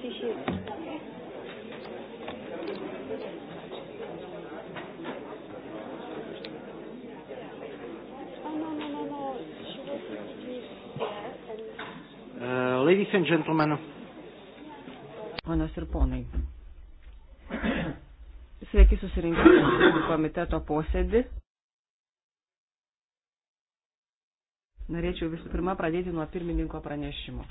she, she is. Uh, ladies and gentlemen, Ponas ir ponai, sveiki susirinkę komiteto posėdį. Norėčiau visų pirma pradėti nuo pirmininko pranešimo.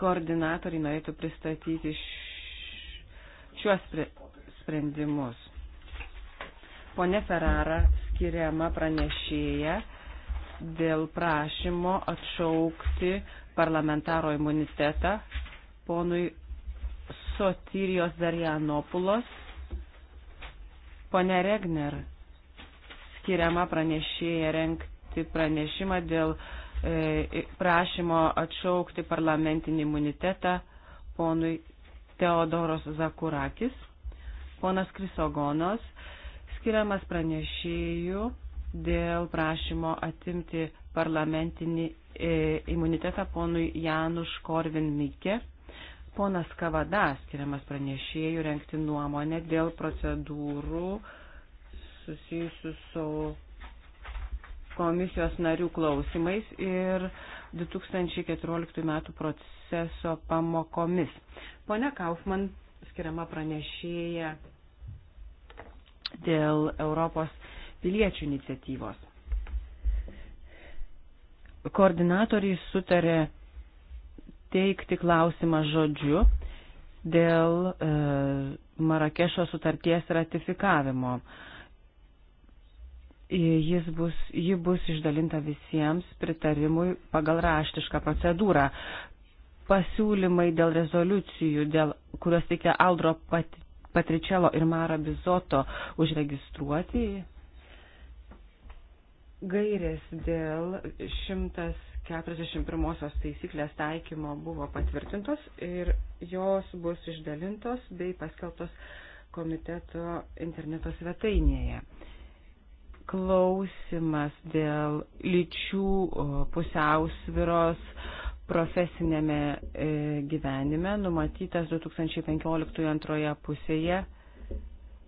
koordinatoriai norėtų pristatyti šiuos sprendimus. Pone Ferrara skiriama pranešėja dėl prašymo atšaukti parlamentaro imunitetą ponui Sotirijos Darianopulos. Pone Regner skiriama pranešėja renkti pranešimą dėl uh, E, prašymo atšaukti parlamentinį imunitetą ponui Teodoros Zakurakis. Ponas Krisogonos skiriamas pranešėjų dėl prašymo atimti parlamentinį e, imunitetą ponui Januš Korvin Mikė. Ponas Kavada skiriamas pranešėjų renkti nuomonę dėl procedūrų susijusių su komisijos narių klausimais ir 2014 m. proceso pamokomis. Pone Kaufman skiriama pranešėja dėl Europos piliečių iniciatyvos. Koordinatoriai sutarė teikti klausimą žodžiu dėl e, Marakešo sutarties ratifikavimo. E, jis bus, ji bus išdalinta visiems pritarimui pagal raštišką procedūrą. Pasiūlymai dėl rezoliucijų, dėl, kuriuos teikia Aldro pat, Patričelo ir Mara Bizoto užregistruoti, gairės dėl 141 taisyklės taikymo buvo patvirtintos ir jos bus išdalintos bei paskelbtos komiteto interneto svetainėje klausimas dėl lyčių pusiausviros profesinėme e, gyvenime numatytas 2015 antroje pusėje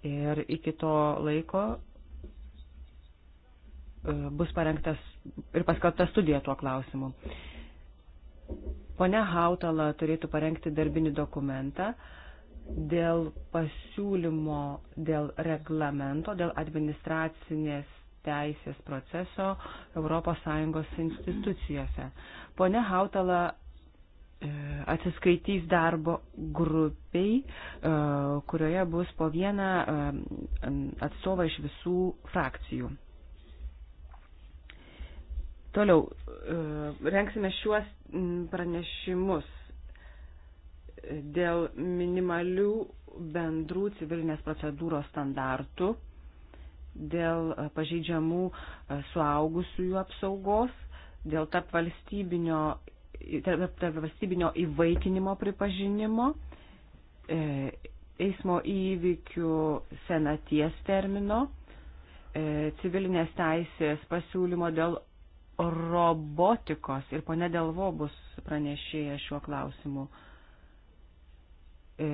ir iki to laiko e, bus parengtas ir paskelbta studija tuo klausimu. Pone Hautala turėtų parengti darbinį dokumentą, dėl pasiūlymo, dėl reglamento, dėl administracinės teisės proceso ES institucijose. Pone Hautala e, atsiskaitys darbo grupiai, e, kurioje bus po vieną e, atstovą iš visų frakcijų. Toliau, renksime šiuos pranešimus dėl minimalių bendrų civilinės procedūros standartų, dėl e, pažeidžiamų e, suaugusiųjų apsaugos, dėl tarp valstybinio, tarp, tarp valstybinio įvaikinimo pripažinimo, e, eismo įvykių senaties termino, civilinės teisės pasiūlymo dėl robotikos ir pone Delvo bus pranešėję šiuo klausimu. E,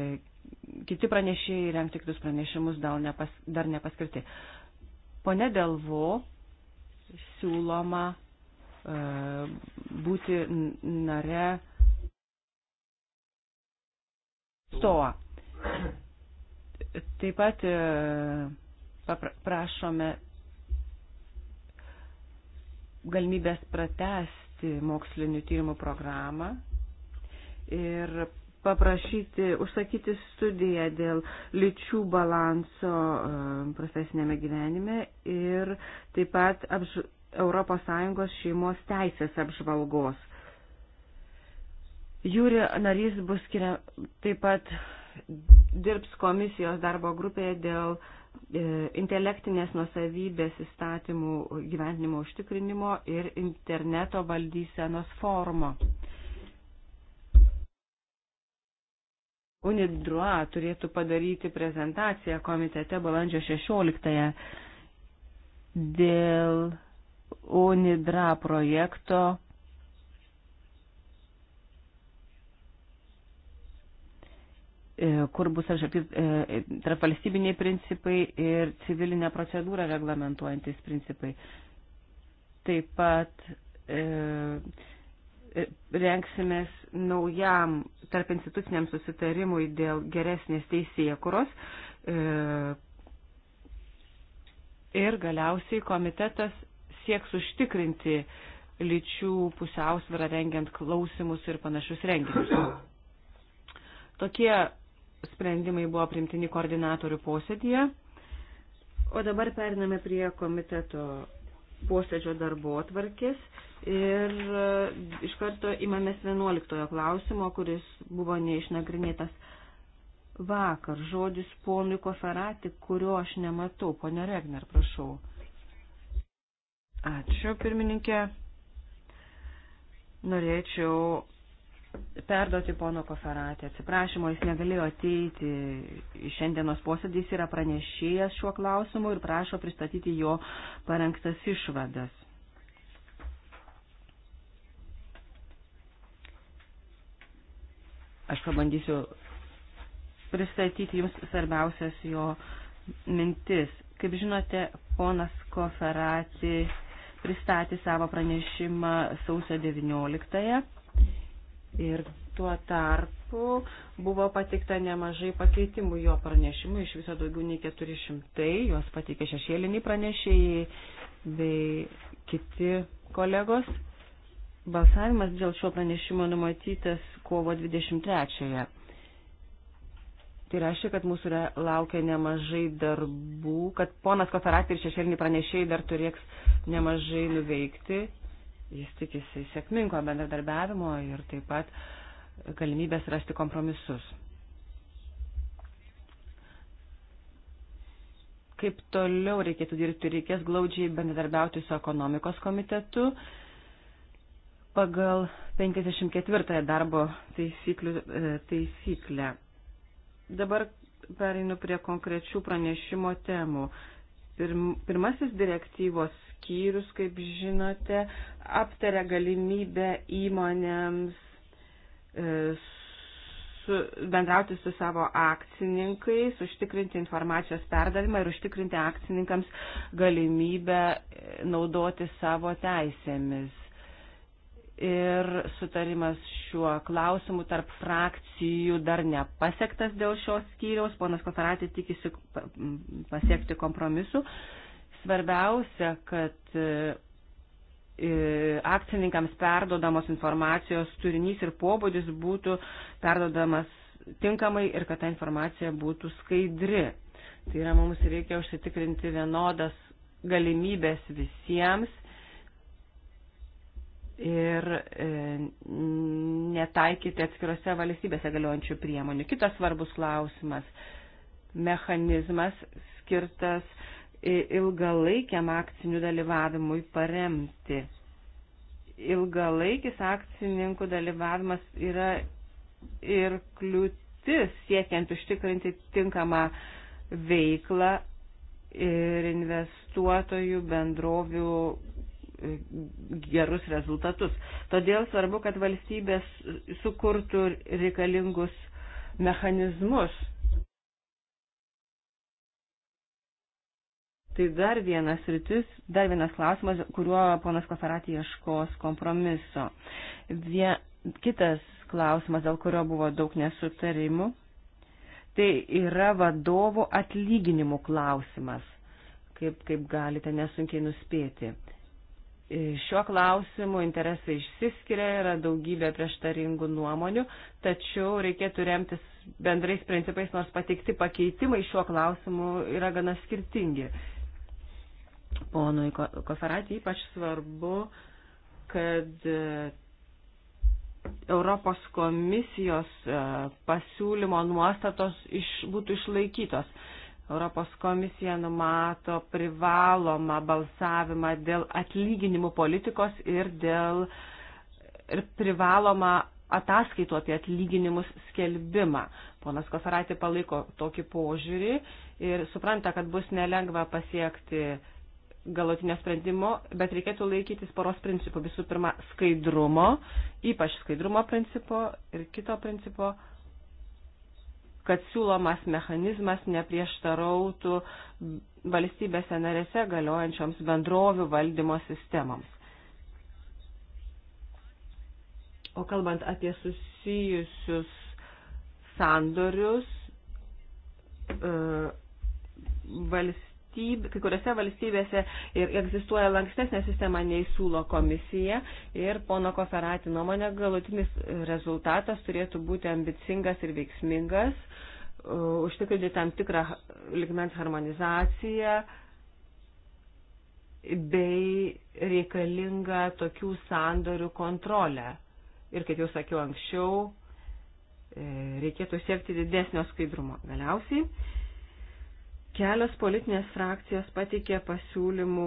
kiti pranešėjai renkti kitus pranešimus dar, nepas, dar nepaskirti. Pone Delvo siūloma e, būti nare stoa. Taip pat e, prašome galimybės pratesti mokslinių tyrimų programą ir paprašyti, užsakyti studiją dėl lyčių balanso um, profesinėme gyvenime ir taip pat apž... ES šeimos teisės apžvalgos. Jūri narys bus skiria, taip pat dirbs komisijos darbo grupėje dėl e, intelektinės nusavybės įstatymų gyvenimo užtikrinimo ir interneto valdysenos formo. UNIDROA turėtų padaryti prezentaciją komitete balandžio 16 dėl UNIDRA projekto e, kur bus apžvelgti e, tarpvalstybiniai principai ir civilinę procedūrą reglamentuojantis principai. Taip pat e, renksimės naujam tarp instituciniam susitarimui dėl geresnės teisėkuros. E, ir galiausiai komitetas sieks užtikrinti lyčių pusiausvyrą rengiant klausimus ir panašius renginius. Tokie sprendimai buvo primtini koordinatorių posėdėje. O dabar periname prie komiteto posėdžio darbo atvarkės ir e, iš karto imamės 11 klausimo, kuris buvo neišnagrinėtas vakar. Žodis ponui Koferati, kurio aš nematau. Pone Regner, prašau. Ačiū, pirmininkė. Norėčiau perduoti pono Koferatį. Atsiprašymo, jis negalėjo ateiti. Šiandienos posėdys yra pranešėjas šiuo klausimu ir prašo pristatyti jo parengtas išvadas. Aš pabandysiu pristatyti jums svarbiausias jo mintis. Kaip žinote, ponas Koferatį pristatė savo pranešimą sausio 19. -ąją Ir tuo tarpu buvo pateikta nemažai pakeitimų jo pranešimų, iš viso daugiau nei 400, juos pateikė šešėliniai pranešėjai bei kiti kolegos. Balsavimas dėl šio pranešimo numatytas kovo 23-ąją. Tai reiškia, kad mūsų laukia nemažai darbų, kad ponas Koferatė ir šešėliniai pranešėjai dar turėks nemažai nuveikti Jis tikisi sėkmingo bendradarbiavimo ir taip pat galimybės rasti kompromisus. Kaip toliau reikėtų dirbti, reikės glaudžiai bendradarbiauti su ekonomikos komitetu pagal 54 darbo taisyklių, e, taisyklę. Dabar pereinu prie konkrečių pranešimo temų. Pirmasis direktyvos skyrius, kaip žinote, aptaria galimybę įmonėms e, su, bendrauti su savo akcininkais, užtikrinti informacijos perdavimą ir užtikrinti akcininkams galimybę e, naudoti savo teisėmis ir sutarimas šiuo klausimu tarp frakcijų dar nepasiektas dėl šios skyriaus. Ponas Koferatė tikisi pasiekti kompromisu. Svarbiausia, kad e, e, akcininkams perdodamos informacijos turinys ir pobūdis būtų perdodamas tinkamai ir kad ta informacija būtų skaidri. Tai yra, mums reikia užsitikrinti vienodas galimybės visiems ir e, netaikyti atskirose valstybėse galiojančių priemonių. Kitas svarbus klausimas - mechanizmas skirtas ilgalaikiam akcinių dalyvavimui paremti. Ilgalaikis akcininkų dalyvavimas yra ir kliūtis siekiant užtikrinti tinkamą veiklą ir investuotojų bendrovių gerus rezultatus. Todėl svarbu, kad valstybės sukurtų reikalingus mechanizmus. Tai dar vienas rytis, dar vienas klausimas, kuriuo ponas Koferatė ieškos kompromiso. Vie, kitas klausimas, dėl kurio buvo daug nesutarimų, tai yra vadovų atlyginimų klausimas, kaip, kaip galite nesunkiai nuspėti. Šiuo klausimu interesai išsiskiria, yra daugybė prieštaringų nuomonių, tačiau reikėtų remtis bendrais principais, nors pateikti pakeitimai šiuo klausimu yra gana skirtingi. Ponui Koferatį ypač svarbu, kad e, Europos komisijos e, pasiūlymo nuostatos iš, būtų išlaikytos. Europos komisija numato privalomą balsavimą dėl atlyginimų politikos ir dėl ir privalomą ataskaitų apie atlyginimus skelbimą. Ponas Koferatė palaiko tokį požiūrį ir supranta, kad bus nelengva pasiekti galutinio sprendimo, bet reikėtų laikytis poros principų. Visų pirma, skaidrumo, ypač skaidrumo principo ir kito principo kad siūlomas mechanizmas neprieštarautų valstybėse narėse galiojančioms bendrovių valdymo sistemoms. O kalbant apie susijusius sandorius, e, valstybės valstybė, kai kuriuose valstybėse ir egzistuoja lankstesnė sistema nei siūlo komisija ir pono Koferati nuomonė galutinis rezultatas turėtų būti ambicingas ir veiksmingas, užtikrinti tam tikrą ligmens harmonizaciją bei reikalinga tokių sandorių kontrolę. Ir kaip jau sakiau anksčiau, e, reikėtų siekti didesnio skaidrumo. Galiausiai Kelios politinės frakcijos pateikė pasiūlymų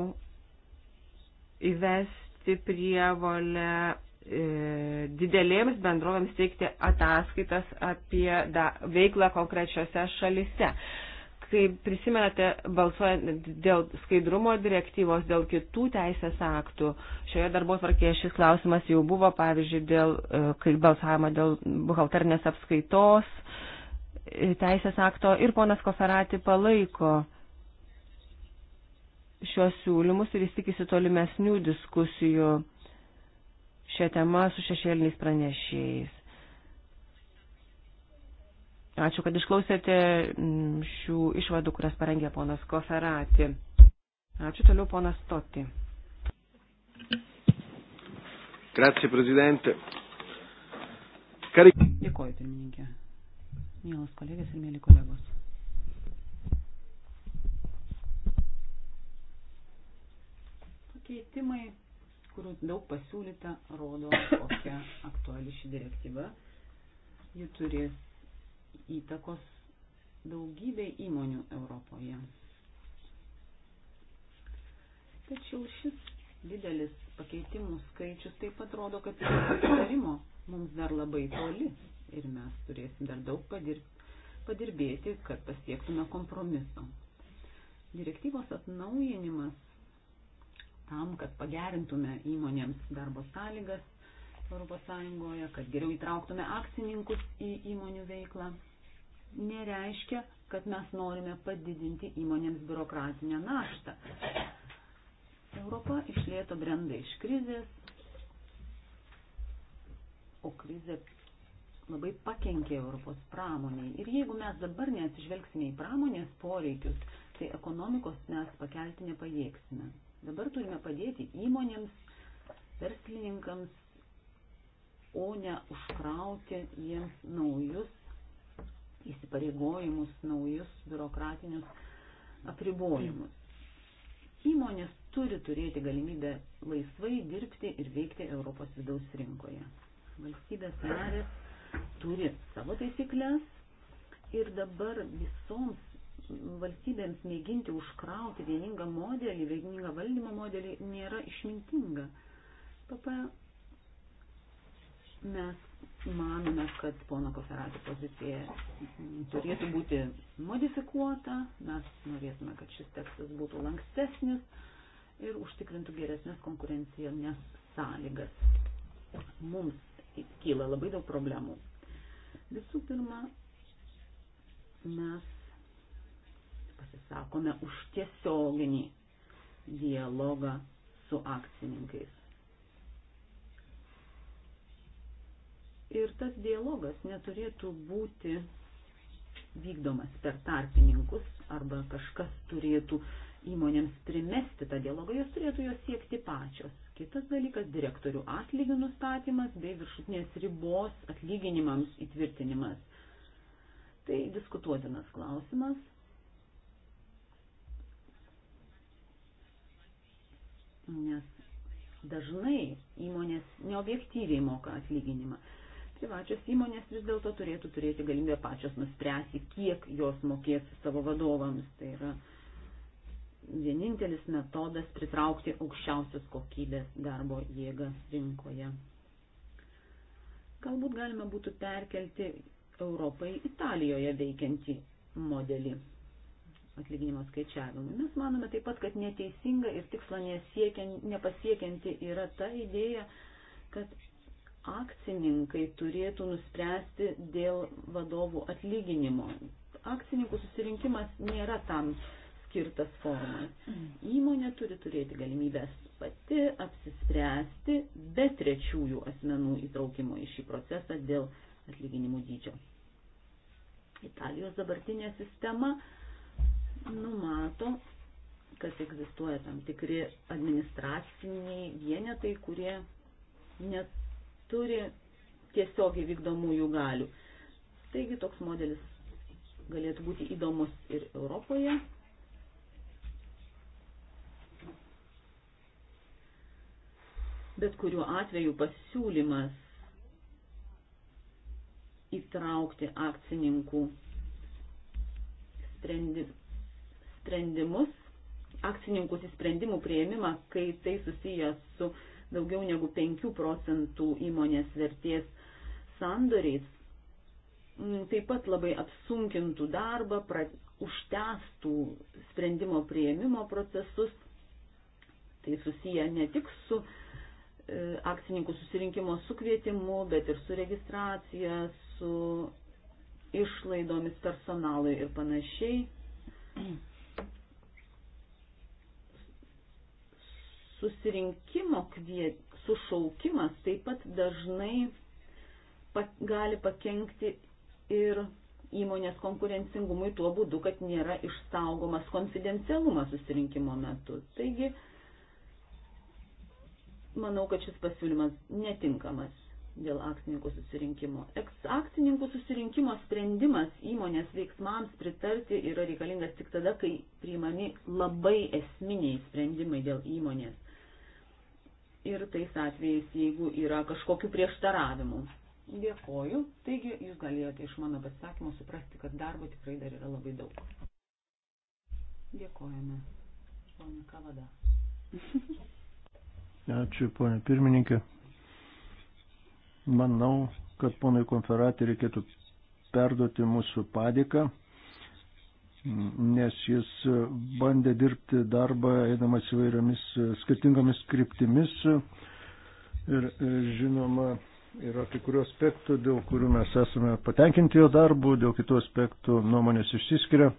įvesti prievolę e, didelėms bendrovėms teikti ataskaitas apie da, veiklą konkrečiose šalise. Kaip prisimenate, balsuojant dėl skaidrumo direktyvos, dėl kitų teisės aktų, šioje darbo tvarkėje šis klausimas jau buvo, pavyzdžiui, dėl, e, kai balsavimo dėl buhalternės apskaitos, teisės akto ir ponas Koferati palaiko šiuos siūlymus ir jis tikisi tolimesnių diskusijų šią temą su šešėliniais pranešėjais. Ačiū, kad išklausėte mm, šių išvadų, kurias parengė ponas Koferati. Ačiū toliau ponas Toti. Grazie, prezidente. Kari... Dėkuoju, pirmininkė mielos kolegės ir mėly kolegos. Pakeitimai, kurių daug pasiūlyta, rodo, kokia aktuali ši direktyva. Ji turės įtakos daugybė įmonių Europoje. Tačiau šis didelis pakeitimų skaičius taip pat rodo, kad sutarimo mums dar labai toli ir mes turėsim dar daug padirbėti, kad pasiektume kompromiso. Direktyvos atnaujinimas tam, kad pagerintume įmonėms darbo sąlygas ES, kad geriau įtrauktume akcininkus į įmonių veiklą, nereiškia, kad mes norime padidinti įmonėms biurokratinę naštą. Europa išlėto brenda iš krizės, o krizė labai pakenkė Europos pramoniai. Ir jeigu mes dabar neatsižvelgsime į pramonės poreikius, tai ekonomikos mes pakelti nepajėgsime. Dabar turime padėti įmonėms, verslininkams, o ne užkrauti jiems naujus įsipareigojimus, naujus biurokratinius apribojimus. Įmonės turi turėti galimybę laisvai dirbti ir veikti Europos vidaus rinkoje. Valstybės narės turi savo taisyklės ir dabar visoms valstybėms mėginti užkrauti vieningą modelį, vieningą valdymo modelį nėra išmintinga. Papa, mes manome, kad pono Koferatį pozicija turėtų būti modifikuota, mes norėtume, kad šis tekstas būtų lankstesnis ir užtikrintų geresnės konkurencijos sąlygas. Mums kyla labai daug problemų. Visų pirma, mes pasisakome už tiesioginį dialogą su akcininkais. Ir tas dialogas neturėtų būti vykdomas per tarpininkus arba kažkas turėtų uh, įmonėms primesti tą dialogą, jos turėtų jos siekti pačios. Kitas dalykas - direktorių atlygių nustatymas bei viršutinės ribos atlyginimams įtvirtinimas. Tai diskutuotinas klausimas. Nes dažnai įmonės neobjektyviai moka atlyginimą. Privačios įmonės vis dėlto turėtų turėti galimybę pačios nuspręsti, kiek jos mokės savo vadovams. Tai yra uh, vienintelis metodas pritraukti aukščiausios kokybės darbo jėgą rinkoje. Galbūt galima būtų perkelti Europai Italijoje veikiantį modelį atlyginimo skaičiavimui. Mes manome taip pat, kad neteisinga ir tikslo nepasiekianti yra ta idėja, kad akcininkai turėtų nuspręsti dėl vadovų atlyginimo. Akcininkų susirinkimas nėra tam uh, skirtas formas. Įmonė turi turėti galimybės pati apsispręsti be trečiųjų asmenų įtraukimo į šį procesą dėl atlyginimų dydžio. Italijos dabartinė sistema numato, kad egzistuoja tam tikri administraciniai vienetai, kurie neturi tiesiogiai vykdomųjų galių. Taigi toks modelis galėtų būti įdomus ir Europoje, Bet kuriuo atveju pasiūlymas įtraukti akcininkų sprendi, sprendimus, akcininkus į sprendimų prieimimą, kai tai susijęs su daugiau negu 5 procentų įmonės vertės sandoriais, taip pat labai apsunkintų darbą, pra, užtestų sprendimo prieimimo procesus. Tai susiję ne tik su uh, E, akcininkų susirinkimo su kvietimu, bet ir su registracija, su išlaidomis personalui ir panašiai. Susirinkimo kviet, sušaukimas taip pat dažnai pat, gali pakengti ir įmonės konkurencingumui tuo būdu, kad nėra išsaugomas konfidencialumas susirinkimo metu. Taigi, manau, kad šis pasiūlymas netinkamas dėl akcininkų susirinkimo. Akcininkų susirinkimo sprendimas įmonės veiksmams pritarti yra reikalingas tik tada, kai priimami labai esminiai sprendimai dėl įmonės. Ir tais atvejais, jeigu yra kažkokių prieštaravimų. Dėkoju. Taigi, jūs galėjote iš mano pasisakymo suprasti, kad darbo tikrai dar yra labai daug. Dėkojame. Pone Kavada. Ačiū, ponė pirmininkė. Manau, kad ponai konferatį reikėtų perduoti mūsų padėką, nes jis bandė dirbti darbą eidamas įvairiomis skirtingomis kryptimis ir žinoma yra kai kurių aspektų, dėl kurių mes esame patenkinti jo darbu, dėl kitų aspektų nuomonės išsiskiria.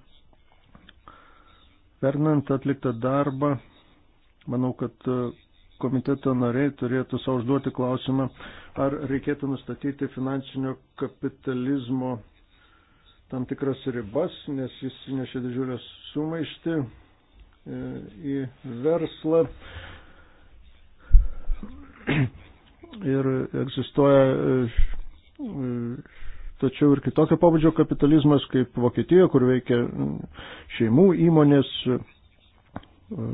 Vernant atliktą darbą, manau, kad komiteto nariai turėtų savo užduoti klausimą, ar reikėtų nustatyti finansinio kapitalizmo tam tikras ribas, nes jis įnešė didžiulę sumaištį e, į verslą. Ir egzistuoja e, tačiau ir kitokio pabudžio kapitalizmas, kaip Vokietijoje, kur veikia šeimų įmonės, e,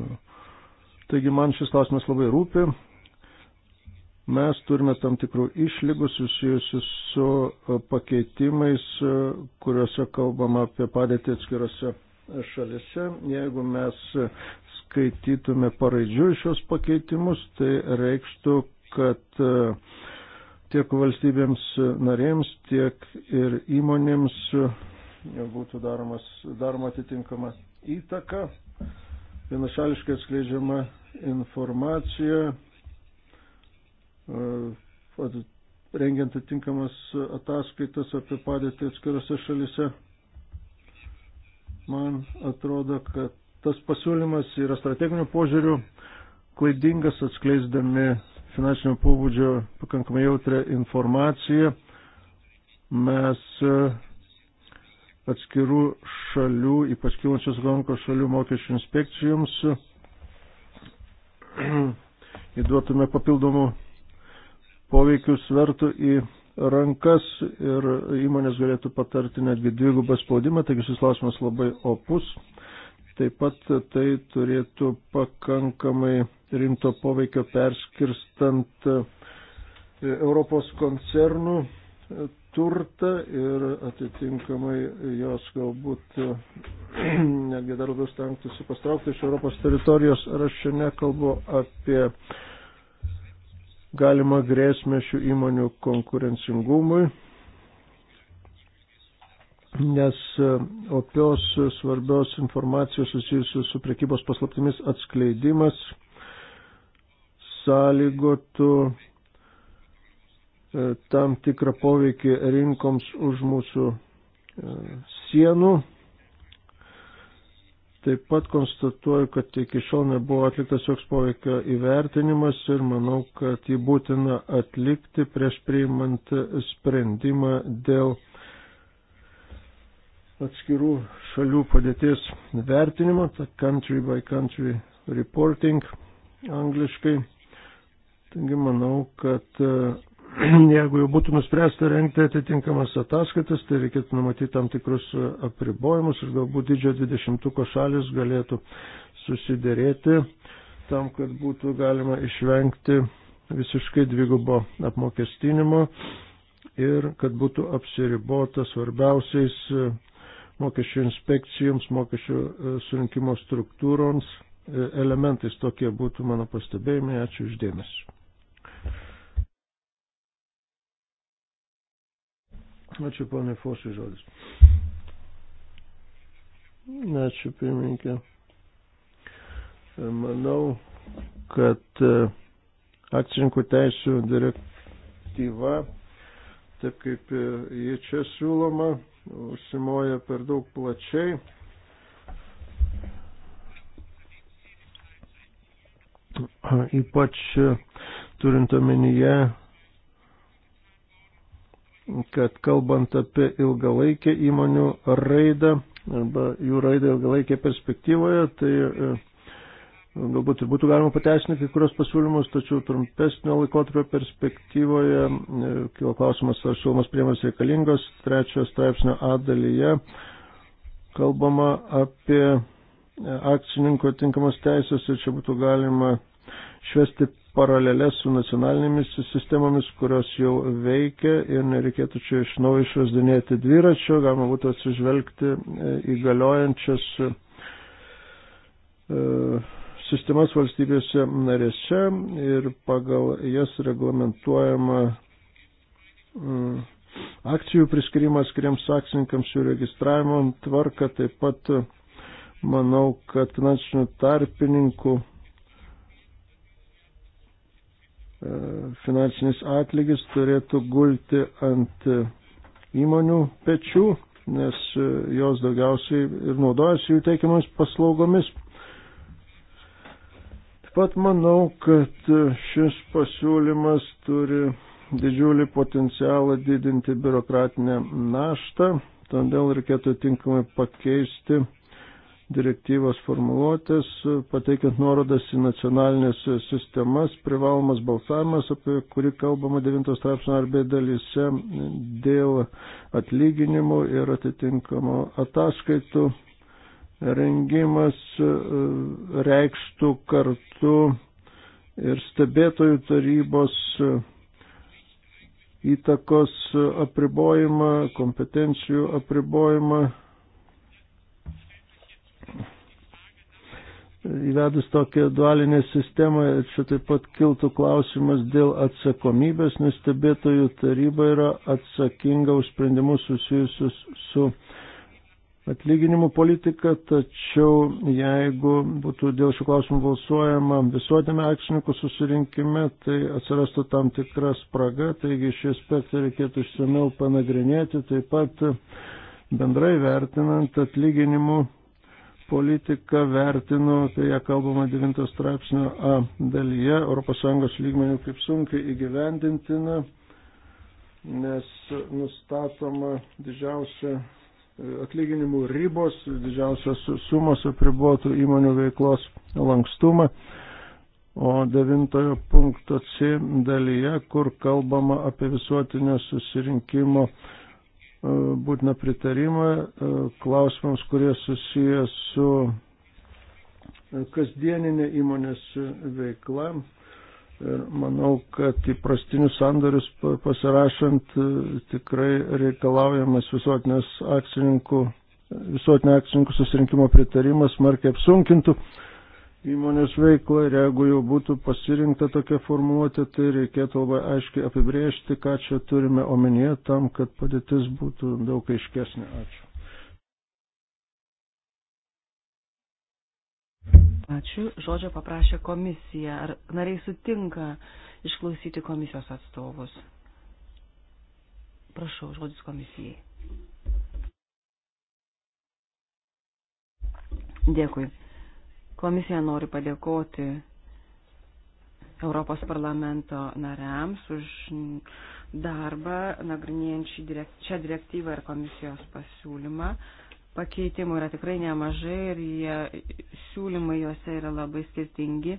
Taigi man šis klausimas labai rūpi. Mes turime tam tikrų išlygų susijusių su e, pakeitimais, e, kuriuose kalbama apie padėtį atskirose šalise. Jeigu mes skaitytume paraidžių šios pakeitimus, tai reikštų, kad e, tiek valstybėms narėms, tiek ir įmonėms būtų daromas, daroma atitinkama įtaka, vienašališkai atskleidžiama informaciją, e, rengiant atitinkamas ataskaitas apie padėtį atskirose šalise. Man atrodo, kad tas pasiūlymas yra strateginių požiūrių klaidingas, atskleisdami finansinio pobūdžio pakankamai jautrę informaciją. Mes e, atskirų šalių, ypač kilančios ekonomikos šalių mokesčių inspekcijoms įduotume papildomų poveikių svertų į rankas ir įmonės galėtų patarti netgi dvigubą spaudimą, taigi šis klausimas labai opus. Taip pat tai turėtų pakankamai rimto poveikio perskirstant Europos koncernų turtą ir atitinkamai jos galbūt netgi dar labiau stengtųsi pastraukti iš Europos teritorijos. Ar aš čia nekalbu apie galimą grėsmę šių įmonių konkurencingumui, nes e, opios svarbios informacijos susijusios su prekybos paslaptimis atskleidimas sąlygotų E, tam tikrą poveikį rinkoms už mūsų e, sienų. Taip pat konstatuoju, kad iki šiol nebuvo atliktas joks poveikio įvertinimas ir manau, kad jį būtina atlikti prieš priimant sprendimą dėl atskirų šalių padėties vertinimo, ta country by country reporting angliškai. Taigi manau, kad e, jeigu jau būtų nuspręsta renkti atitinkamas ataskaitas, tai reikėtų numatyti tam tikrus apribojimus ir galbūt didžiojo dvidešimtuko šalis galėtų susidėrėti tam, kad būtų galima išvengti visiškai dvigubo apmokestinimo ir kad būtų apsiribota svarbiausiais mokesčių inspekcijoms, mokesčių e, surinkimo struktūroms e, elementais. Tokie būtų mano pastebėjimai. Ačiū uždėmesi. Ačiū, ponė Fosui žodis. Ačiū, pirmininkė. Manau, kad e, akcininkų teisų direktyva, taip kaip e, jie čia siūloma, užsimoja per daug plačiai. Ypač e, turint omenyje kad kalbant apie ilgalaikę įmonių raidą arba jų raidą ilgalaikėje perspektyvoje, tai e, galbūt ir būtų galima pateisinti kai kurios pasiūlymus, tačiau trumpesnio laikotarpio perspektyvoje e, kilo klausimas, ar siūlomas priemonės reikalingos. Trečiojo straipsnio A dalyje kalbama apie e, akcininko tinkamas teisės ir čia būtų galima švesti paralelės su nacionalinėmis sistemomis, kurios jau veikia ir nereikėtų čia iš naujo išrasdinėti dviračio, galima būtų atsižvelgti e, į galiojančias e, sistemas valstybėse narėse ir pagal jas reglamentuojama mm, akcijų priskirimas skiriams akcininkams jų registravimo tvarka, taip pat e, manau, kad finansinių tarpininkų E, finansinis atlygis turėtų gulti ant įmonių pečių, nes e, jos daugiausiai ir naudojasi jų teikiamomis paslaugomis. Taip pat manau, kad e, šis pasiūlymas turi didžiulį potencialą didinti biurokratinę naštą, todėl reikėtų tinkamai pakeisti direktyvos formuluotės, pateikiant nuorodas į nacionalinės sistemas, privalomas balsavimas, apie kurį kalbama 9 straipsnio arba dalyse dėl atlyginimų ir atitinkamo ataskaitų rengimas e, reikštų kartu ir stebėtojų tarybos įtakos apribojimą, kompetencijų apribojimą įvedus tokią dualinę sistemą, čia taip pat kiltų klausimas dėl atsakomybės, nes stebėtojų taryba yra atsakinga už sprendimus susijusius su atlyginimų politika, tačiau jeigu būtų dėl šių klausimų balsuojama visuotėme akcininkų susirinkime, tai atsirastų tam tikra spraga, taigi šį aspektą reikėtų išsameu panagrinėti, taip pat bendrai vertinant atlyginimų politiką vertinu, tai ją kalbama 9 straipsnio A dalyje, ES lygmenių kaip sunkiai įgyvendintina, nes nustatoma didžiausia e, atlyginimų ribos, didžiausios sumos apribotų įmonių veiklos lankstumą. O devintojo punkto C dalyje, kur kalbama apie visuotinio susirinkimo E, būtiną pritarimą e, klausimams, kurie susiję su e, kasdieninė įmonės veikla. Ir manau, kad įprastinius sandorius pasirašant tikrai reikalaujamas visuotinės akcininkų, visuotinė akcininkų susirinkimo pritarimas markiai apsunkintų įmonės veiklą ir jeigu jau būtų pasirinkta tokia formuotė, tai reikėtų labai aiškiai apibrėžti, ką čia turime omenyje tam, kad padėtis būtų daug aiškesnė. Ačiū. Ačiū. Žodžio paprašė komisija. Ar nariai sutinka išklausyti komisijos atstovus? Prašau, žodis komisijai. Dėkui. Komisija nori padėkoti Europos parlamento nariams už darbą, nagrinėjant šią direktyvą ir komisijos pasiūlymą. Pakeitimų yra tikrai nemažai ir jie, siūlymai juose yra labai skirtingi.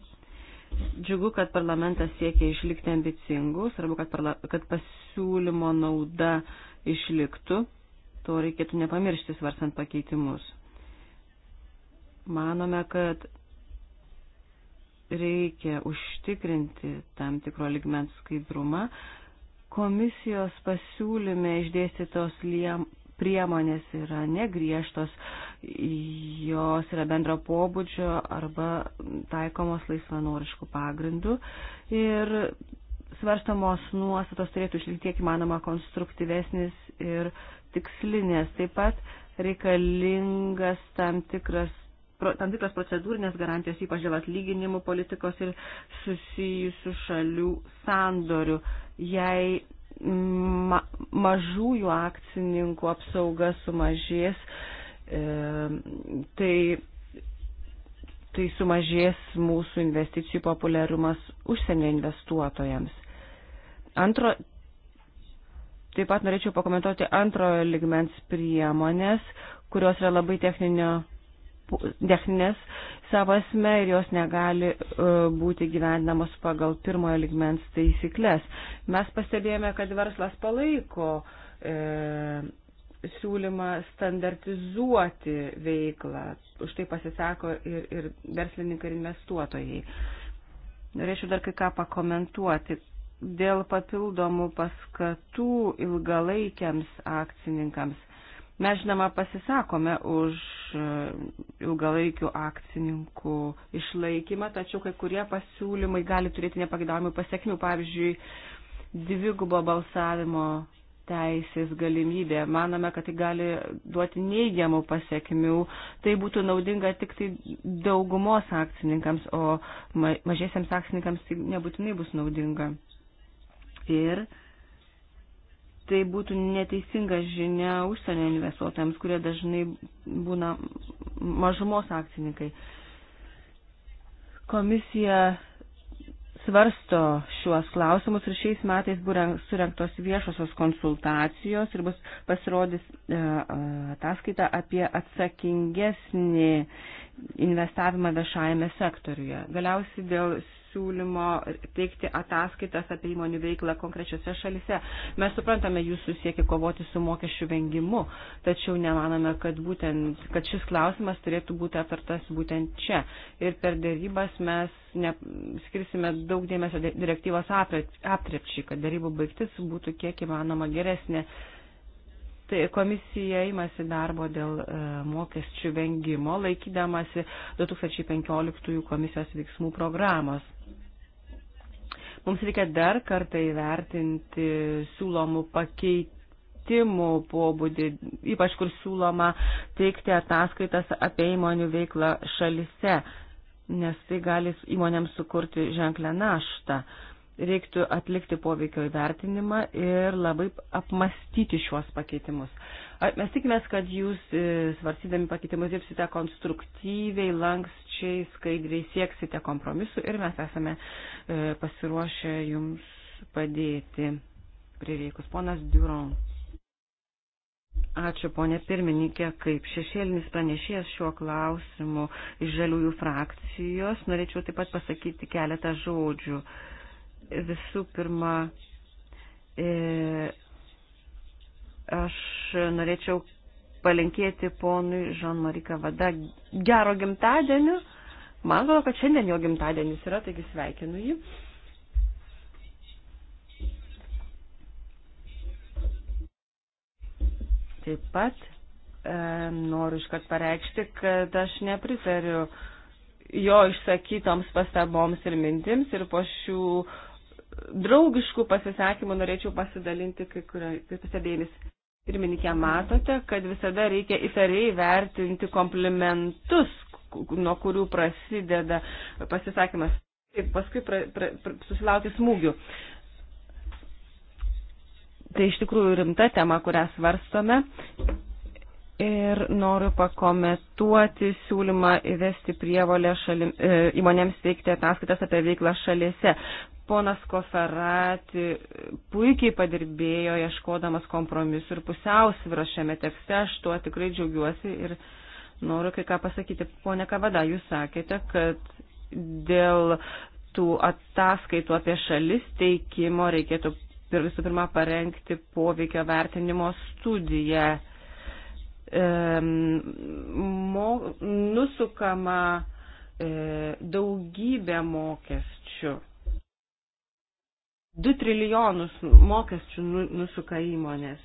Džiugu, kad parlamentas siekia išlikti ambicingų, svarbu, kad, parla, kad pasiūlymo nauda išliktų. To reikėtų nepamiršti svarstant pakeitimus. Manome, kad reikia užtikrinti tam tikro ligmens skaidrumą. Komisijos pasiūlyme išdėstytos priemonės yra negriežtos, jos yra bendro pobūdžio arba taikomos laisvanoriškų pagrindų ir svarstamos nuostatos turėtų išlikti kiek įmanoma konstruktyvesnis ir tikslinės. Taip pat reikalingas tam tikras tam tikros procedūrinės garantijos, ypač dėl atlyginimų politikos ir susijusių šalių sandorių. Jei ma mažųjų akcininkų apsauga sumažės, e, tai, tai sumažės mūsų investicijų populiarumas užsienio investuotojams. Antro, taip pat norėčiau pakomentuoti antrojo ligmens priemonės, kurios yra labai techninio techninės savasme ir jos negali e, būti gyvendinamos pagal pirmojo ligmens taisyklės. Mes pastebėjome, kad verslas palaiko e, siūlymą standartizuoti veiklą. Už tai pasisako ir, ir verslininkai ir investuotojai. Norėčiau dar kai ką pakomentuoti. Dėl papildomų paskatų ilgalaikiams akcininkams Mes, žinoma, pasisakome už e, ilgalaikių akcininkų išlaikymą, tačiau kai kurie pasiūlymai gali turėti nepagidavimų pasiekmių, pavyzdžiui, dvigubo balsavimo teisės galimybė. Manome, kad tai gali duoti neigiamų pasiekmių. Tai būtų naudinga tik tai daugumos akcininkams, o mažiesiams akcininkams tai nebūtinai bus naudinga. Ir tai būtų neteisinga žinia užsienio investuotojams, kurie dažnai būna mažumos akcininkai. Komisija svarsto šiuos klausimus ir šiais metais bus surinktos viešosios konsultacijos ir bus pasirodys e, e, ataskaita apie atsakingesnį investavimą viešajame sektoriuje. Galiausiai dėl pasiūlymo teikti ataskaitas apie įmonių veiklą konkrečiose šalise. Mes suprantame jūsų siekį kovoti su mokesčių vengimu, tačiau nemanome, kad, būtent, kad šis klausimas turėtų būti aptartas būtent čia. Ir per dėrybas mes ne, skirsime daug dėmesio direktyvos aprepčiai, kad dėrybų baigtis būtų kiek įmanoma geresnė. Tai komisija imasi darbo dėl e, mokesčių vengimo, laikydamasi 2015 komisijos veiksmų programos. Mums reikia dar kartą įvertinti siūlomų pakeitimų pobūdį, ypač kur siūloma teikti ataskaitas apie įmonių veiklą šalise, nes tai gali įmonėms sukurti ženklę naštą. E, reiktų atlikti poveikio įvertinimą ir labai apmastyti šiuos pakeitimus. Mes tikimės, kad jūs e, svarstydami pakeitimus dirbsite konstruktyviai, lankščiai, skaidriai sieksite kompromisu ir mes esame e, pasiruošę jums padėti prireikus. Ponas Duron. Ačiū, ponė pirmininkė, kaip šešėlinis pranešėjas šiuo klausimu iš žaliųjų frakcijos. Norėčiau taip pat pasakyti keletą žodžių. Uh, Visų pirma, e, aš norėčiau palinkėti ponui Jean-Marie Kavada gero gimtadienio. Man atrodo, kad šiandien jo gimtadienis yra, taigi sveikinu jį. Taip pat e, noriu iškart pareikšti, kad aš nepritariu jo išsakytoms pastaboms ir mintims ir po šių e, draugiškų pasisakymų norėčiau pasidalinti kai kuriais pastebėjimais. Pirmininkė, matote, kad visada reikia įtariai vertinti komplimentus, nuo kurių prasideda pasisakymas. Taip, paskui pra, pra, pra, susilaukia smūgių. Tai iš tikrųjų rimta tema, kurią svarstome ir noriu pakomentuoti siūlymą įvesti prievolę šalim, e, įmonėms teikti ataskaitas apie veiklą šalyse. Ponas Koferati puikiai padirbėjo ieškodamas kompromisų ir pusiausvyros šiame tekste, aš tuo tikrai džiaugiuosi ir noriu kai ką pasakyti. Pone Kavada, jūs sakėte, kad dėl tų ataskaitų apie šalis teikimo reikėtų visų pirma parengti poveikio vertinimo studiją mo, nusukama e, daugybė mokesčių. 2 trilijonus mokesčių nu, nusuka įmonės.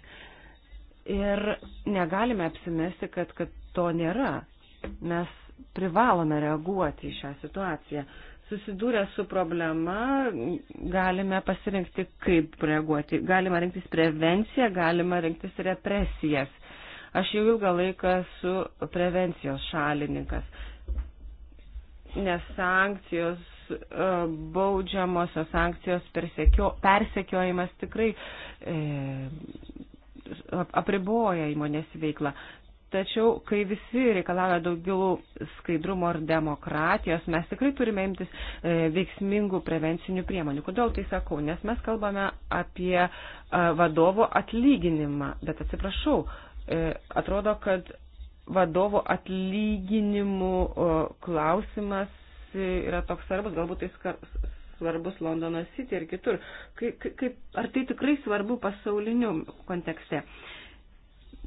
Ir negalime apsimesti, kad, kad to nėra. Mes privalome reaguoti į šią situaciją. Susidūrę su problema, galime pasirinkti, kaip reaguoti. Galima rinktis prevenciją, galima rinktis represijas. Aš jau ilgą laiką esu prevencijos šalininkas, nes sankcijos, e, baudžiamosios sankcijos, persekio, persekiojimas tikrai e, apriboja įmonės veiklą. Tačiau, kai visi reikalauja daugiau skaidrumo ir demokratijos, mes tikrai turime imtis e, veiksmingų prevencinių priemonių. Kodėl tai sakau? Nes mes kalbame apie e, vadovo atlyginimą. Bet atsiprašau, e, E, atrodo, kad vadovų atlyginimų klausimas yra toks svarbus, galbūt tai svarbus Londono City ir kitur. Kaip, kaip, ar tai tikrai svarbu pasauliniu kontekste?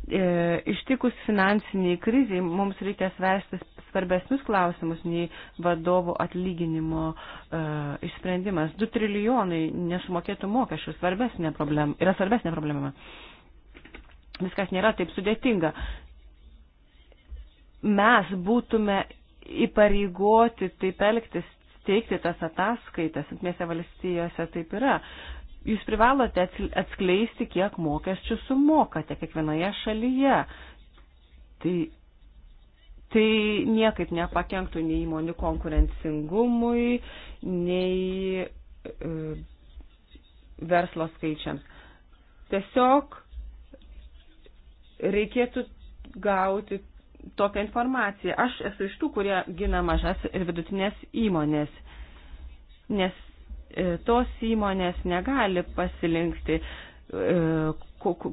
E, ištikus finansiniai kriziai mums reikia svesti svarbesnius klausimus nei vadovų atlyginimo e, išsprendimas. 2 trilijonai nesumokėtų mokesčių svarbesnė problem, yra svarbesnė problema. E, viskas nėra taip sudėtinga. Mes būtume įpareigoti taip elgtis, teikti tas ataskaitas, jungtinėse valstijose taip yra. Jūs privalote atskleisti, kiek mokesčių sumokate kiekvienoje šalyje. Tai, tai niekaip nepakenktų nei įmonių konkurencingumui, nei e, verslo skaičiams. Tiesiog reikėtų gauti tokią informaciją. Aš esu iš tų, kurie gina mažas ir vidutinės įmonės, nes e, tos įmonės negali pasilinkti, e,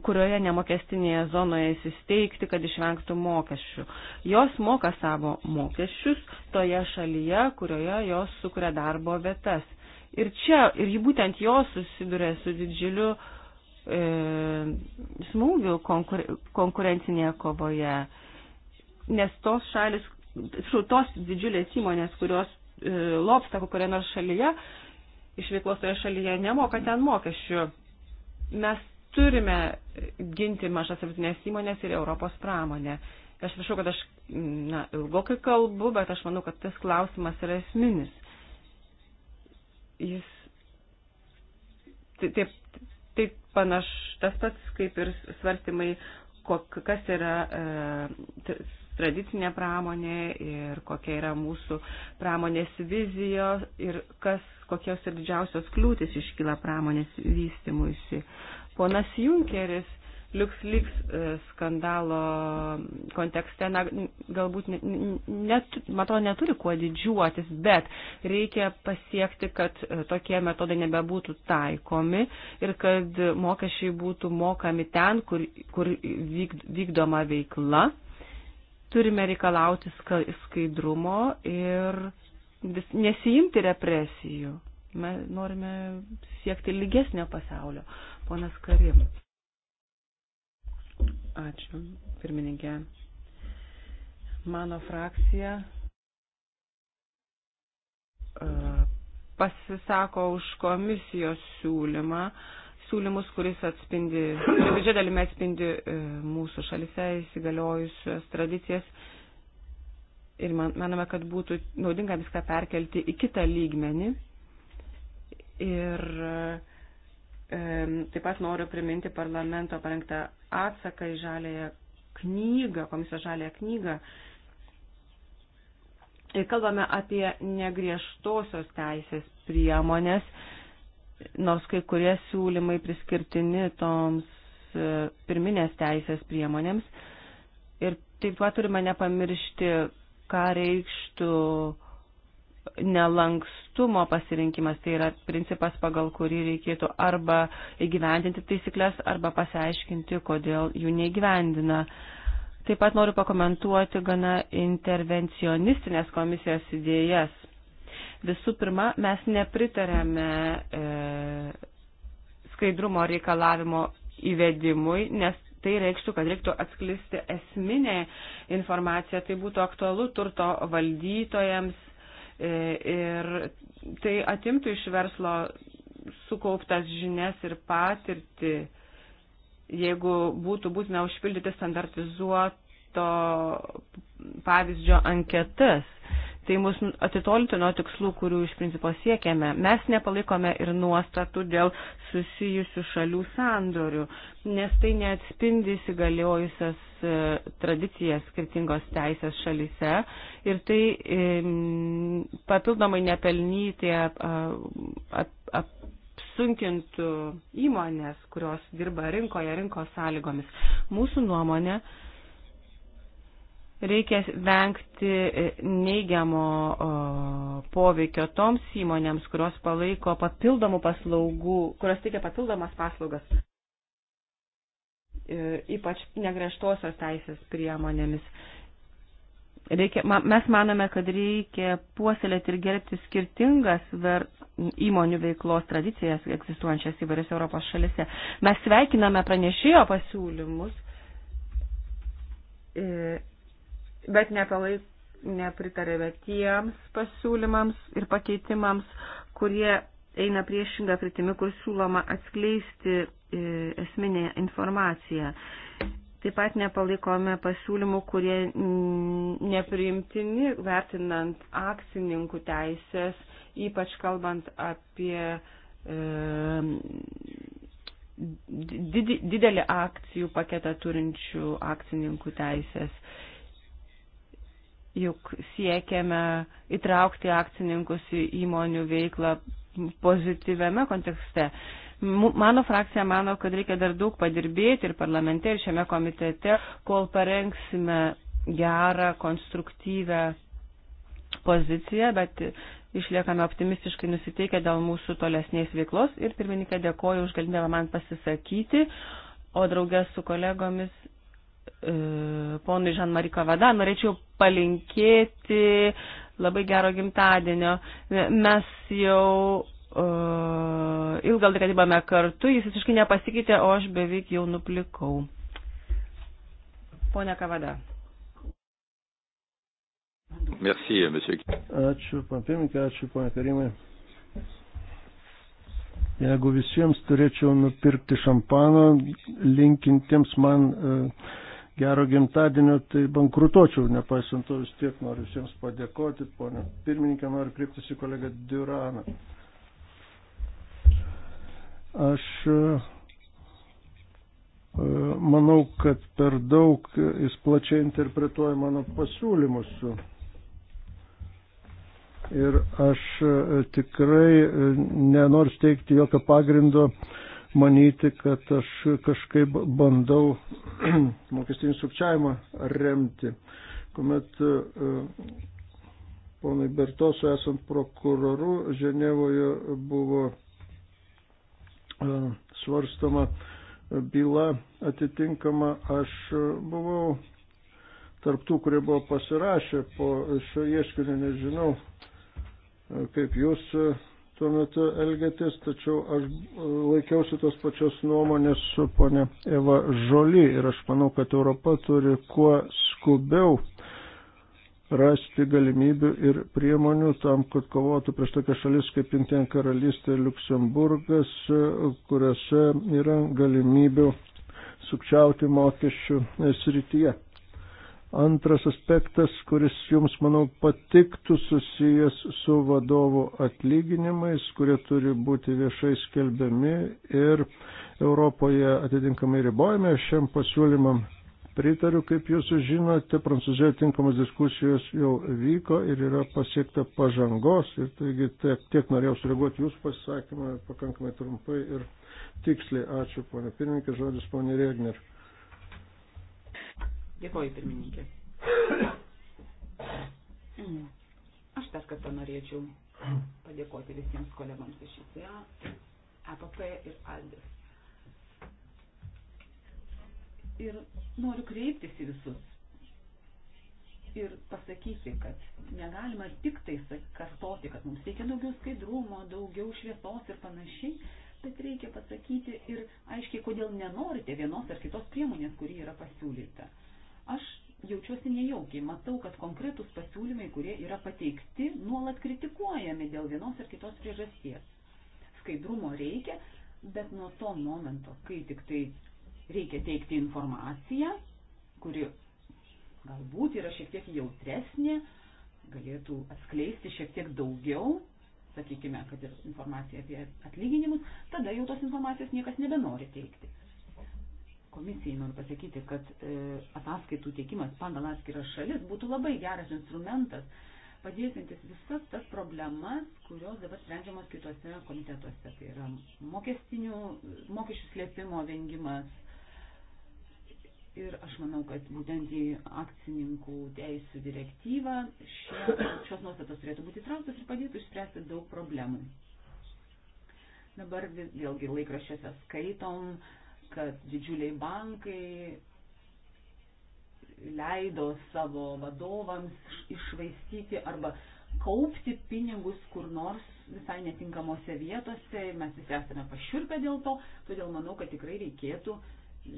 kurioje nemokestinėje zonoje įsisteigti, kad išvengtų mokesčių. Jos moka savo mokesčius toje šalyje, kurioje jos sukuria darbo vietas. Ir čia, ir būtent jos susiduria su didžiuliu uh, E, smūgių konkur, konkurencinėje kovoje, nes tos šalis, tos didžiulės įmonės, kurios e, lopsta kokioje nors šalyje, iš veiklos toje šalyje nemoka ten mokesčių. Mes turime ginti mažas ir vidutinės įmonės ir Europos pramonę. Aš prašau, kad aš na, ilgokai kalbu, bet aš manau, kad tas klausimas yra esminis. Jis tai, taip, tai panaš tas pats kaip ir svarstymai, kok, kas yra e, tradicinė pramonė ir kokia yra mūsų pramonės vizija ir kas, kokios ir didžiausios kliūtis iškyla pramonės vystimuisi. Ponas Junkeris LuxLeaks e, skandalo kontekste, na, galbūt net, matau, neturi kuo didžiuotis, bet reikia pasiekti, kad e, tokie metodai nebebūtų taikomi ir kad mokesčiai būtų mokami ten, kur, kur vykdoma veikla. Turime reikalauti skaidrumo ir vis, nesijimti represijų. Mes norime siekti lygesnio pasaulio. Ponas Karim. Ačiū, pirmininkė. Mano frakcija e, pasisako už komisijos siūlymą, siūlymus, kuris atspindi, didžia dalimi atspindi e, mūsų šalise įsigaliojusios tradicijas ir man, manome, kad būtų naudinga viską perkelti į kitą lygmenį ir uh, Taip pat noriu priminti parlamento parengtą atsaką į žalėją knygą, komisijos žalėją knygą. Ir kalbame apie negriežtosios teisės priemonės, nors kai kurie siūlymai priskirtini toms e, pirminės teisės priemonėms. Ir taip pat turime nepamiršti, ką reikštų nelankstumo pasirinkimas, tai yra principas, pagal kurį reikėtų arba įgyvendinti taisyklės, arba pasiaiškinti, kodėl jų neįgyvendina. Taip pat noriu pakomentuoti gana intervencionistinės komisijos idėjas. Visų pirma, mes nepritarėme e, skaidrumo reikalavimo įvedimui, nes tai reikštų, kad reiktų atsklisti esminę informaciją, tai būtų aktualu turto valdytojams, E, ir tai atimtų iš verslo sukauptas žinias ir patirtį, jeigu būtų būtina užpildyti standartizuoto pavyzdžio anketas tai mus atitolinti nuo tikslų, kurių iš principo siekiame. Mes nepalaikome ir nuostatų dėl susijusių šalių sandorių, nes tai neatspindi įsigaliojusias e, tradicijas skirtingos teisės šalise ir tai e, papildomai nepelnyti ap, ap, apsunkintų įmonės, kurios dirba rinkoje, rinkos sąlygomis. Mūsų nuomonė, reikia vengti e, neigiamo poveikio toms įmonėms, kurios palaiko papildomų paslaugų, kurios teikia papildomas paslaugas, e, ypač negraštosios teisės priemonėmis. Reikia, mes manome, kad reikia puoselėti ir gerbti skirtingas ver, įmonių veiklos tradicijas egzistuojančias įvairiose Europos šalise. Mes sveikiname pranešėjo pasiūlymus e, bet nepalaik, nepritarėme tiems pasiūlymams ir pakeitimams, kurie eina priešingą kryptimį, kur siūloma atskleisti e, esminę informaciją. Taip pat nepalaikome pasiūlymų, kurie nepriimtini vertinant akcininkų teisės, ypač kalbant apie e, didelį akcijų paketą turinčių akcininkų teisės. E, juk siekiame įtraukti akcininkus į įmonių veiklą pozityviame kontekste. Mano frakcija mano, kad reikia dar daug padirbėti ir parlamente, ir šiame komitete, kol parengsime gerą, konstruktyvę poziciją, bet išliekame optimistiškai nusiteikę dėl mūsų tolesnės veiklos ir pirmininkė dėkoju už galimybę man pasisakyti, o draugės su kolegomis E, ponui Žanmarį Kavada norėčiau palinkėti labai gero gimtadienio. E, mes jau uh, ilgą laiką dirbame kartu, jis visiškai nepasikeitė, o aš beveik jau nuplikau. Pone Kavada. Merci, monsieur. Ačiū, papimikė, ačiū, pane Karimai. Jeigu visiems turėčiau nupirkti šampano, linkintiems man uh, gero gimtadienio, tai bankrutuočiau, nepaisant to vis tiek noriu visiems padėkoti, ponė pirmininkė, noriu kreiptis į kolegą Duraną. Aš e, manau, kad per daug jis plačiai interpretuoja mano pasiūlymus. Ir aš e, tikrai e, nenoriu steigti jokio pagrindo uh, manyti, kad aš kažkaip bandau mokestinį sukčiavimą remti. Kuomet e, ponai Bertosu esant prokuroru Ženevoje buvo e, svarstama byla atitinkama, aš buvau tarptų, kurie buvo pasirašę po šio ieškinio, nežinau, e, kaip jūs tuo metu elgėtės, tačiau aš e, laikiausi tos pačios nuomonės su ponė Eva Žoly ir aš manau, kad Europa turi kuo skubiau rasti galimybių ir priemonių tam, kad kovotų prieš tokias šalis kaip Jungtinė karalystė ir Luksemburgas, e, kuriuose yra galimybių sukčiauti mokesčių e, srityje. Antras aspektas, kuris jums, manau, patiktų susijęs su vadovų atlyginimais, kurie turi būti viešai skelbiami ir Europoje atitinkamai ribojame. Šiam pasiūlymam pritariu, kaip jūs žinote, Prancūzijoje tinkamos diskusijos jau vyko ir yra pasiekta pažangos. Ir taigi tiek, tiek norėjau sureaguoti jūsų pasisakymą pakankamai trumpai ir tiksliai. Ačiū, ponė pirmininkė, žodis ponė Regner. Dėkoju, pirmininkė. Aš dar kartą norėčiau padėkoti visiems kolegams iš ICA, EPP ir ALDIS. Ir noriu kreiptis į visus ir pasakyti, kad negalima tik tai kartoti, kad mums reikia daugiau skaidrumo, daugiau šviesos ir panašiai, bet reikia pasakyti ir aiškiai, kodėl nenorite vienos ar kitos priemonės, kuri yra pasiūlyta. Aš jaučiuosi nejaukiai, matau, kad konkretus pasiūlymai, kurie yra pateikti, nuolat kritikuojami dėl vienos ar kitos priežasties. Skaidrumo reikia, bet nuo to momento, kai tik tai reikia teikti informaciją, kuri galbūt yra šiek tiek jautresnė, galėtų atskleisti šiek tiek daugiau, sakykime, kad ir informacija apie atlyginimus, tada jau tos informacijos niekas nebenori teikti. Komisijai noriu pasakyti, kad e, ataskaitų teikimas pagal atskiras šalis būtų labai geras instrumentas, padėsintis visas tas problemas, kurios dabar sprendžiamas kitose komitetuose. Tai yra mokesčių slėpimo vengimas. Ir aš manau, kad būtent į akcininkų teisų direktyvą šie, šios nuostatos turėtų būti įtrauktos ir padėtų išspręsti daug problemų. Dabar vėlgi laikraščiuose skaitom, uh, kad didžiuliai bankai leido savo vadovams išvaistyti arba kaupti pinigus kur nors visai netinkamose vietose ir mes visi esame pašiurpę dėl to, todėl manau, kad tikrai reikėtų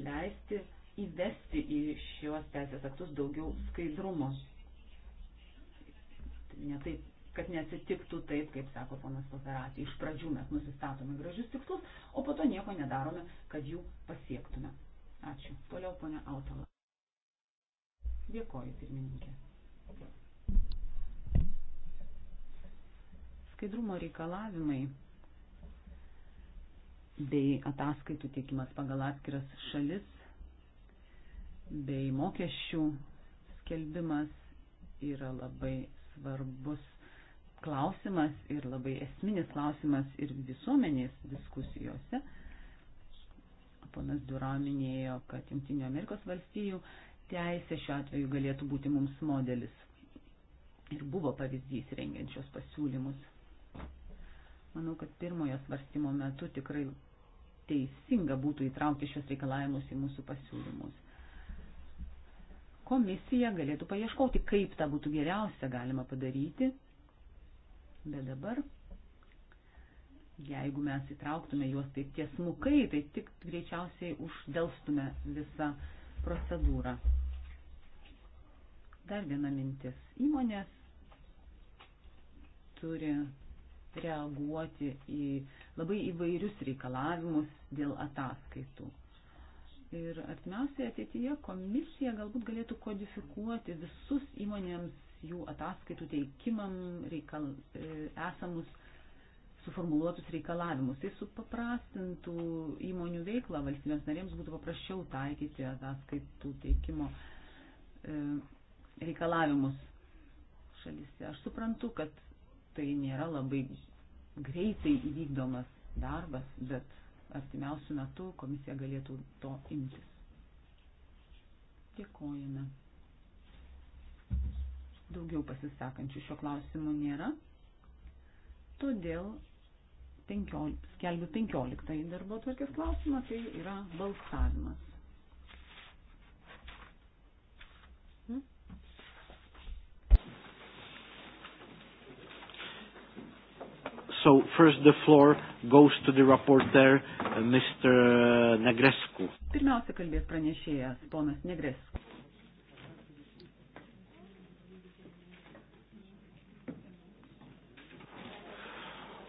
leisti įvesti į šios teisės aktus daugiau skaidrumo. Tai Netaip kad nesitiktų taip, kaip sako ponas Paperatė. Iš pradžių mes nusistatome gražius tikslus, o po to nieko nedarome, kad jų pasiektume. Ačiū. Toliau ponia Autola. Dėkoju, pirmininkė. Skaidrumo reikalavimai bei ataskaitų teikimas pagal atskiras šalis, bei mokesčių skelbimas yra labai svarbus klausimas ir labai esminis klausimas ir visuomenės diskusijose. Ponas Dura minėjo, kad Junktinio Amerikos valstijų teisė šiuo atveju galėtų būti mums modelis. Ir buvo pavyzdys rengiančios pasiūlymus. Manau, kad pirmojo svarstymo metu tikrai teisinga būtų įtraukti šios reikalavimus į mūsų pasiūlymus komisija galėtų paieškoti, kaip tą būtų geriausia galima padaryti Bet dabar, jeigu mes įtrauktume juos taip tiesmukai, tai tik greičiausiai uždelstume visą procedūrą. Dar viena mintis. Įmonės turi reaguoti į labai įvairius reikalavimus dėl ataskaitų. Ir artimiausiai ateityje komisija galbūt galėtų kodifikuoti visus įmonėms jų ataskaitų teikimam reikal, e, esamus suformuluotus reikalavimus. Tai supaprastintų įmonių veiklą valstybėms narėms būtų paprasčiau taikyti ataskaitų teikimo e, reikalavimus šalyse. Aš suprantu, kad tai nėra labai greitai įvykdomas darbas, bet artimiausių metų komisija galėtų to imtis. Dėkojame. Daugiau pasisakančių šio klausimu nėra. Todėl penkiol, skelbiu 15 darbo tvarkės klausimą, tai yra balsavimas. Hmm? So first the floor goes to the rapporteur, uh, Mr. Negrescu. Pirmiausia kalbės pranešėjas, ponas Negrescu.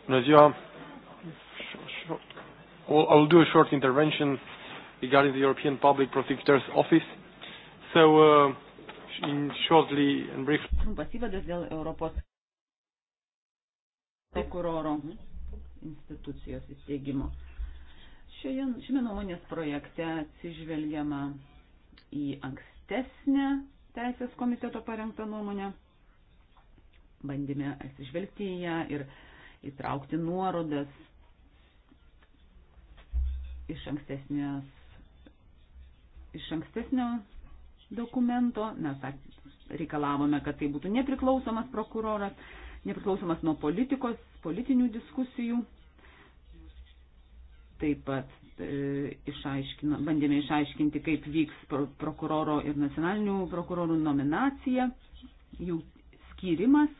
Bună ziua. I'll do a short intervention regarding the European Public Prosecutor's Office. So, uh, in shortly and briefly. Trumpas įvadas dėl Europos prokuroro institucijos įsteigimo. Šioje, šiame nuomonės projekte atsižvelgiama į ankstesnę teisės komiteto parengtą nuomonę. Bandėme atsižvelgti į ją ir įtraukti nuorodas iš ankstesnės iš ankstesnio dokumento, mes reikalavome, kad tai būtų nepriklausomas prokuroras, nepriklausomas nuo politikos, politinių diskusijų. Taip pat e, išaiškino, bandėme išaiškinti, kaip vyks pro, prokuroro ir nacionalinių prokurorų nominacija, jų skyrimas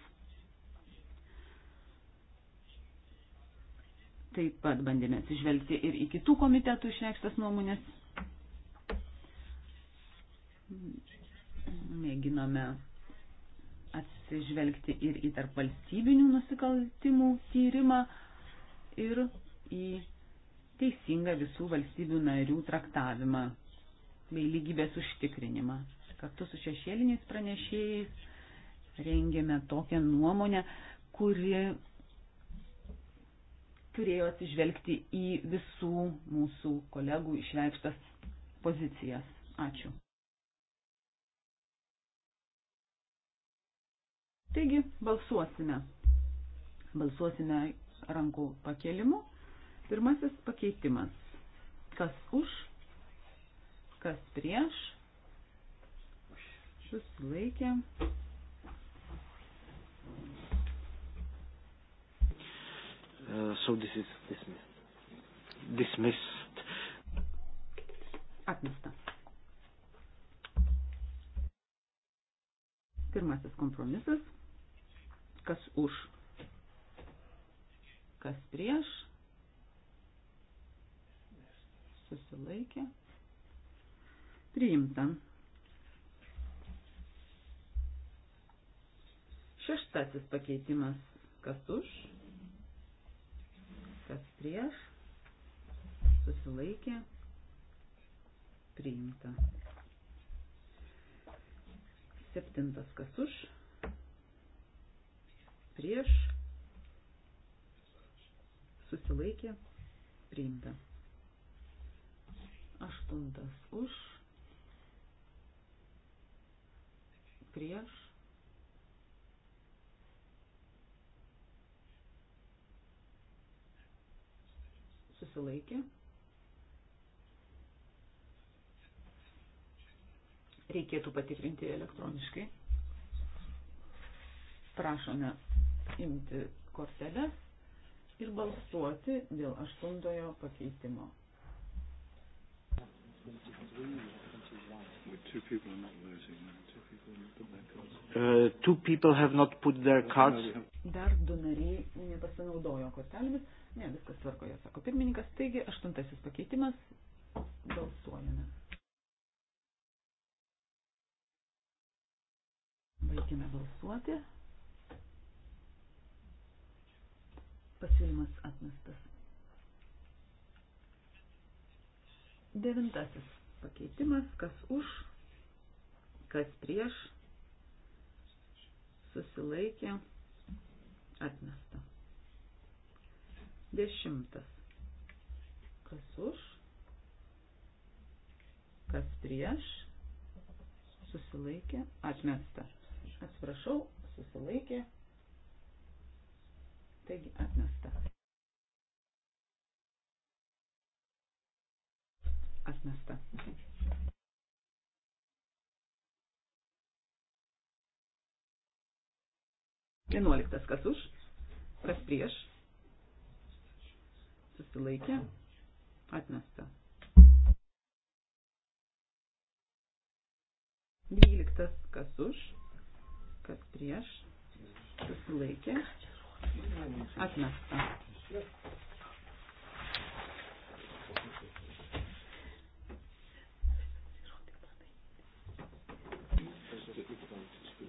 Taip pat bandėme atsižvelgti ir į kitų komitetų išreikštas nuomonės. Mėginome atsižvelgti ir į tarp valstybinių nusikaltimų tyrimą ir į teisingą visų valstybių narių traktavimą bei lygybės užtikrinimą. Kartu su šešėliniais pranešėjais rengėme tokią nuomonę, kuri turėjo atsižvelgti į visų mūsų kolegų išreikštas pozicijas. Ačiū. Taigi balsuosime. Balsuosime rankų pakelimu. Pirmasis pakeitimas. Kas už, kas prieš. Šis laikė. Uh, so this is dismissed. Dismissed. Atmesta. Pirmasis kompromisas. Kas už? Kas prieš? Susilaikė. Priimta. Šeštasis pakeitimas. Kas už? kas prieš, susilaikė, priimta. Septintas kas už, prieš, susilaikė, priimta. Aštuntas už, prieš, susilaikė. Reikėtų patikrinti elektroniškai. Prašome imti kortelę ir balsuoti dėl aštuntojo pakeitimo. Two people are not losing now. Uh, two people have not put their cards. Dar du nariai nepasinaudojo kortelėmis. Ne, viskas tvarkoje, sako pirmininkas. Taigi, aštuntasis pakeitimas. Balsuojame. Baigime balsuoti. Pasiūlymas atmestas. Devintasis pakeitimas, kas už, kas prieš, susilaikė, atmesta. Dešimtas. Kas už? Kas prieš? Susilaikė. Atmesta. Atsiprašau, susilaikė. Taigi atmesta. Atmesta. Vienuoliktas kas už, kas prieš, susilaikė, atmesta. Dvyliktas, kas už, kas prieš, susilaikė, atmesta.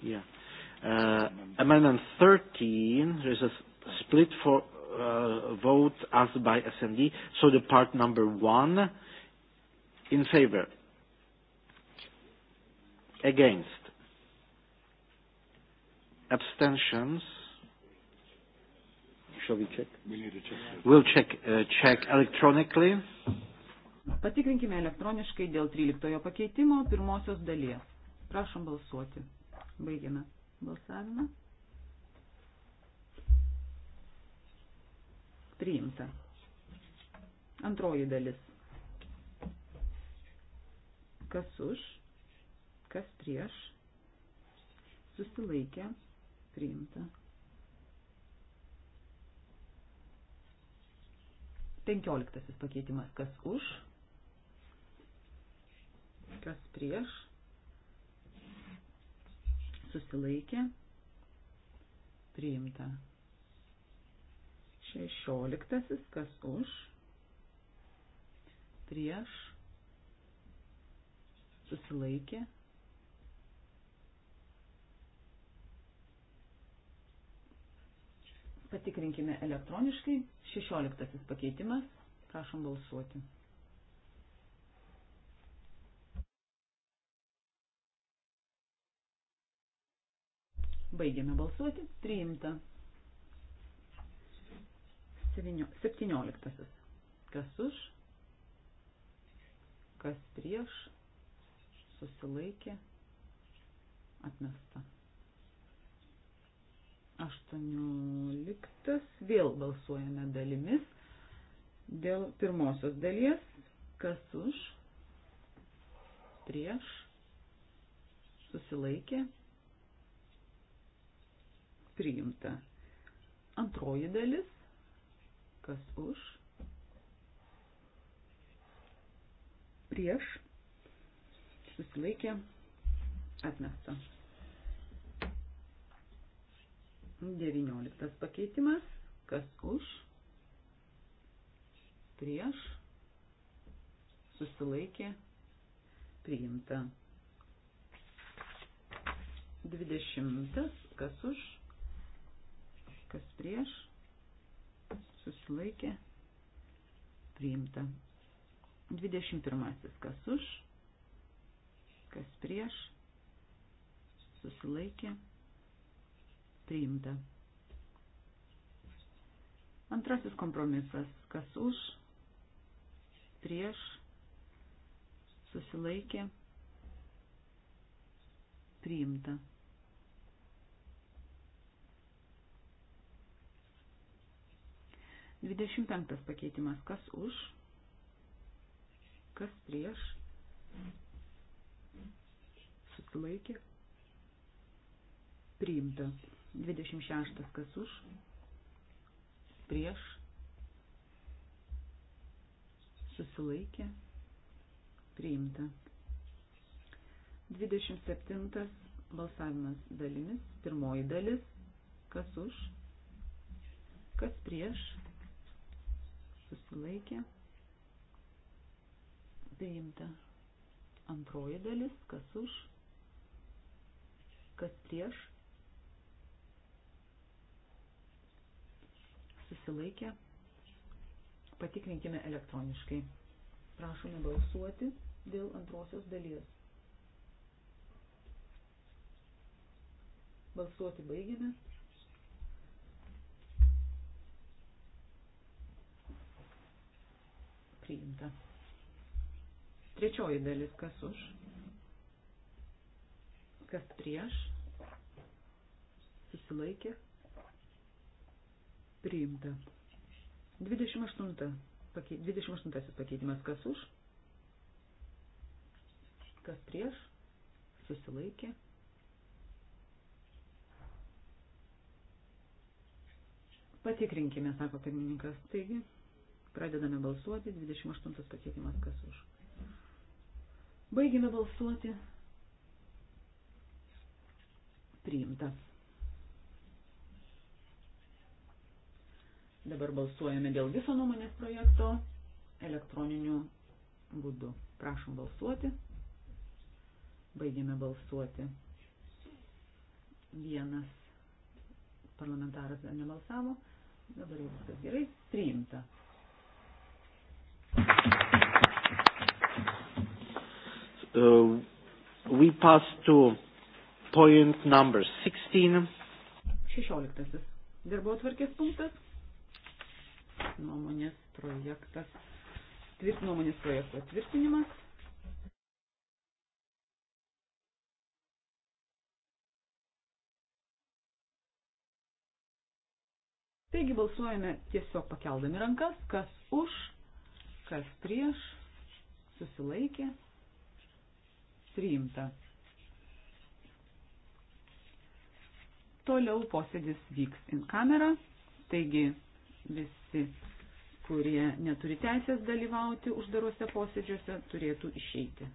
Yeah. Uh, amendment 13, there's a split for uh, vote asked by SMD. So the part number one, in favor. Against. Abstentions. Shall we check? We need to check. We'll check, uh, check electronically. Patikrinkime elektroniškai dėl 13 pakeitimo pirmosios dalies. Prašom balsuoti. Baigiame balsavimą. priimta. Antroji dalis. Kas už, kas prieš, susilaikė, priimta. 15 pakeitimas. Kas už, kas prieš, susilaikė, priimta. Šešioliktasis, kas už, prieš, susilaikė. Patikrinkime elektroniškai. Šešioliktasis pakeitimas. Prašom balsuoti. Baigėme balsuoti. Priimta. 17. Kas už, kas prieš, susilaikė, atmesta. 18. Vėl balsuojame dalimis. Dėl pirmosios dalies, kas už, prieš, susilaikė, priimta. Antroji dalis, kas už, prieš, susilaikė, atmesta. 19 pakeitimas, kas už, prieš, susilaikė, priimta. 20, kas už, kas prieš, susilaikė, priimta. 21. Kas už, kas prieš, susilaikė, priimta. Antrasis kompromisas. Kas už, prieš, susilaikė, priimta. 25 pakeitimas. Kas už? Kas prieš? Susilaikė. Priimta. 26. Kas už? Prieš. Susilaikė. Priimta. 27. Balsavimas dalimis. Pirmoji dalis. Kas už? Kas prieš? susilaikė, priimta. Antroji dalis, kas už, kas prieš, susilaikė, patikrinkime elektroniškai. Prašome balsuoti dėl antrosios dalies. Balsuoti baigiame. priimta. Trečioji dalis, kas už, kas prieš, susilaikė, priimta. 28, 28 pakeitimas, kas už, kas prieš, susilaikė. Patikrinkime, sako pirmininkas. Taigi, Pradedame balsuoti. 28 pakeitimas kas už. Baigime balsuoti. Priimta. Dabar balsuojame dėl viso nuomonės projekto elektroniniu būdu. Prašom balsuoti. Baigėme balsuoti. Vienas parlamentaras nebalsavo. Dabar jau viskas gerai. Priimta. Uh, we pass to point number 16. 16. Darbo atvarkės punktas. Nuomonės projektas. Tvirt, nuomonės projekto tvirtinimas. Taigi balsuojame tiesiog pakeldami rankas, kas už, kas prieš, susilaikė, priimta. Toliau posėdis vyks in kamera, taigi visi, kurie neturi teisės dalyvauti uždaruose posėdžiuose, turėtų išeiti.